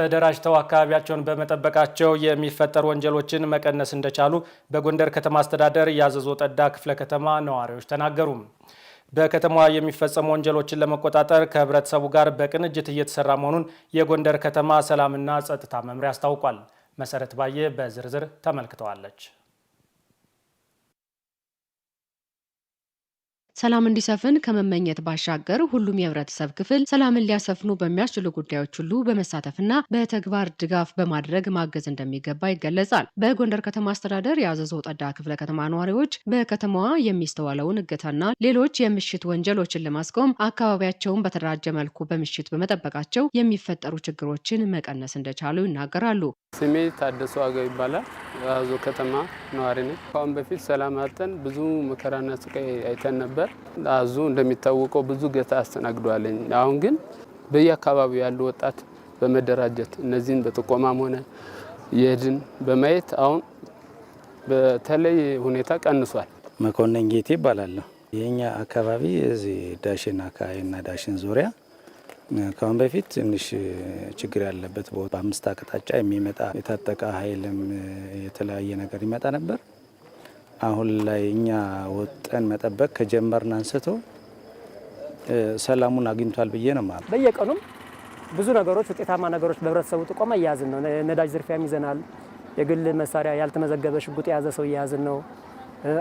ተደራጅተው አካባቢያቸውን በመጠበቃቸው የሚፈጠሩ ወንጀሎችን መቀነስ እንደቻሉ በጎንደር ከተማ አስተዳደር ያዘዞ ጠዳ ክፍለ ከተማ ነዋሪዎች ተናገሩ። በከተማዋ የሚፈጸሙ ወንጀሎችን ለመቆጣጠር ከህብረተሰቡ ጋር በቅንጅት እየተሰራ መሆኑን የጎንደር ከተማ ሰላምና ጸጥታ መምሪያ አስታውቋል። መሰረት ባየ በዝርዝር ተመልክተዋለች። ሰላም እንዲሰፍን ከመመኘት ባሻገር ሁሉም የህብረተሰብ ክፍል ሰላምን ሊያሰፍኑ በሚያስችሉ ጉዳዮች ሁሉ በመሳተፍና በተግባር ድጋፍ በማድረግ ማገዝ እንደሚገባ ይገለጻል። በጎንደር ከተማ አስተዳደር የአዘዞ ጠዳ ክፍለ ከተማ ነዋሪዎች በከተማዋ የሚስተዋለውን እገታና ሌሎች የምሽት ወንጀሎችን ለማስቆም አካባቢያቸውን በተደራጀ መልኩ በምሽት በመጠበቃቸው የሚፈጠሩ ችግሮችን መቀነስ እንደቻሉ ይናገራሉ። ስሜ ታደሱ አገው ይባላል። አዞ ከተማ ነዋሪ ነኝ። ከአሁን በፊት ሰላም አጠን ብዙ መከራና ስቃይ አይተን ነበር። ነበር። አዙ እንደሚታወቀው ብዙ ገታ አስተናግዷለኝ። አሁን ግን በየአካባቢው ያሉ ወጣት በመደራጀት እነዚህን በጥቆማም ሆነ የድን በማየት አሁን በተለይ ሁኔታ ቀንሷል። መኮንን ጌቴ ይባላለሁ። የኛ አካባቢ እዚህ ዳሽን አካባቢና ዳሽን ዙሪያ ከአሁን በፊት ትንሽ ችግር ያለበት በአምስት አቅጣጫ የሚመጣ የታጠቀ ኃይልም የተለያየ ነገር ይመጣ ነበር። አሁን ላይ እኛ ወጠን መጠበቅ ከጀመርን አንስቶ ሰላሙን አግኝቷል ብዬ ነው ማለት። በየቀኑም ብዙ ነገሮች ውጤታማ ነገሮች በህብረተሰቡ ጥቆማ እያያዝን ነው። ነዳጅ ዝርፊያም ይዘናል። የግል መሳሪያ ያልተመዘገበ ሽጉጥ የያዘ ሰው እያያዝን ነው።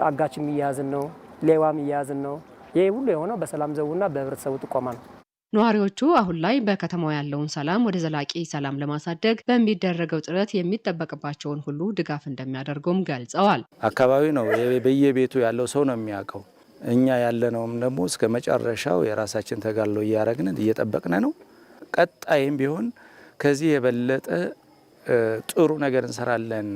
አጋችም እያያዝን ነው። ሌዋም እያያዝን ነው። ይህ ሁሉ የሆነው በሰላም ዘቡና በህብረተሰቡ ጥቆማ ነው። ነዋሪዎቹ አሁን ላይ በከተማው ያለውን ሰላም ወደ ዘላቂ ሰላም ለማሳደግ በሚደረገው ጥረት የሚጠበቅባቸውን ሁሉ ድጋፍ እንደሚያደርጉም ገልጸዋል። አካባቢ ነው በየቤቱ ያለው ሰው ነው የሚያውቀው። እኛ ያለነውም ደግሞ እስከ መጨረሻው የራሳችን ተጋድሎ እያደረግን እየጠበቅነ ነው። ቀጣይም ቢሆን ከዚህ የበለጠ ጥሩ ነገር እንሰራለን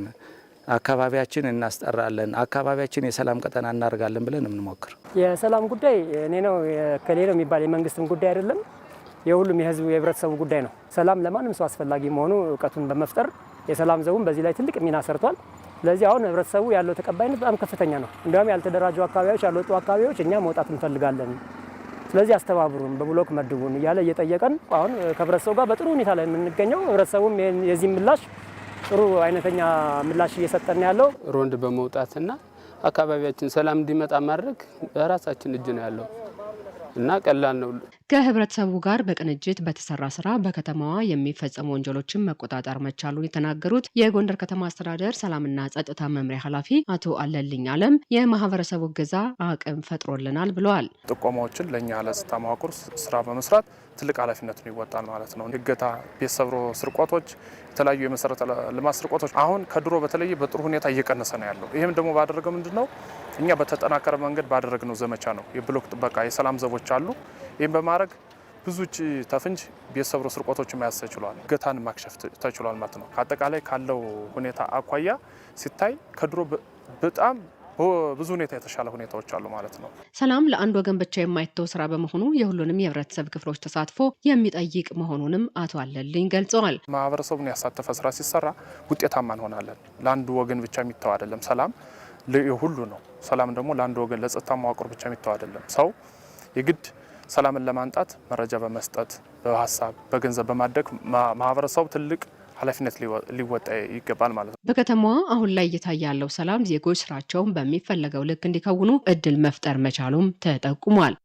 አካባቢያችን እናስጠራለን፣ አካባቢያችን የሰላም ቀጠና እናደርጋለን ብለን የምንሞክር የሰላም ጉዳይ እኔ ነው ከሌ ነው የሚባል የመንግስትም ጉዳይ አይደለም። የሁሉም የህዝቡ የህብረተሰቡ ጉዳይ ነው። ሰላም ለማንም ሰው አስፈላጊ መሆኑ እውቀቱን በመፍጠር የሰላም ዘቡን በዚህ ላይ ትልቅ ሚና ሰርቷል። ስለዚህ አሁን ህብረተሰቡ ያለው ተቀባይነት በጣም ከፍተኛ ነው። እንዲያውም ያልተደራጁ አካባቢዎች፣ ያልወጡ አካባቢዎች እኛ መውጣት እንፈልጋለን፣ ስለዚህ አስተባብሩን፣ በብሎክ መድቡን እያለ እየጠየቀን አሁን ከህብረተሰቡ ጋር በጥሩ ሁኔታ ላይ የምንገኘው ህብረተሰቡም የዚህ ምላሽ ጥሩ አይነተኛ ምላሽ እየሰጠን ያለው ሮንድ በመውጣትና አካባቢያችን ሰላም እንዲመጣ ማድረግ በራሳችን እጅ ነው ያለው። እና ቀላል ነው። ከህብረተሰቡ ጋር በቅንጅት በተሰራ ስራ በከተማዋ የሚፈጸሙ ወንጀሎችን መቆጣጠር መቻሉን የተናገሩት የጎንደር ከተማ አስተዳደር ሰላምና ጸጥታ መምሪያ ኃላፊ አቶ አለልኝ አለም የማህበረሰቡ እገዛ አቅም ፈጥሮልናል ብለዋል። ጥቆማዎችን ለእኛ ለጸጥታ መዋቅር ስራ በመስራት ትልቅ ኃላፊነቱን ይወጣል ማለት ነው። እገታ፣ ቤት ሰብሮ ስርቆቶች፣ የተለያዩ የመሰረተ ልማት ስርቆቶች አሁን ከድሮ በተለየ በጥሩ ሁኔታ እየቀነሰ ነው ያለው። ይህም ደግሞ ባደረገው ምንድን ነው እኛ በተጠናከረ መንገድ ባደረግነው ዘመቻ ነው። የብሎክ ጥበቃ፣ የሰላም ዘቦች አሉ። ይህም በማድረግ ብዙ ጭ ተፍንጅ ቤተሰብሮ ስርቆቶች መያዝ ተችሏል። እገታን ማክሸፍ ተችሏል ማለት ነው። ከአጠቃላይ ካለው ሁኔታ አኳያ ሲታይ ከድሮ በጣም ብዙ ሁኔታ የተሻለ ሁኔታዎች አሉ ማለት ነው። ሰላም ለአንድ ወገን ብቻ የማይተው ስራ በመሆኑ የሁሉንም የህብረተሰብ ክፍሎች ተሳትፎ የሚጠይቅ መሆኑንም አቶ አለልኝ ገልጸዋል። ማህበረሰቡን ያሳተፈ ስራ ሲሰራ ውጤታማ እንሆናለን። ለአንዱ ወገን ብቻ የሚተው አይደለም። ሰላም ሁሉ ነው። ሰላም ደግሞ ለአንድ ወገን ለጸጥታ መዋቅር ብቻ የሚተው አይደለም። ሰው የግድ ሰላምን ለማምጣት መረጃ በመስጠት በሀሳብ፣ በገንዘብ በማድረግ ማህበረሰቡ ትልቅ ኃላፊነት ሊወጣ ይገባል ማለት ነው። በከተማዋ አሁን ላይ እየታየ ያለው ሰላም ዜጎች ስራቸውን በሚፈለገው ልክ እንዲከውኑ እድል መፍጠር መቻሉም ተጠቁሟል።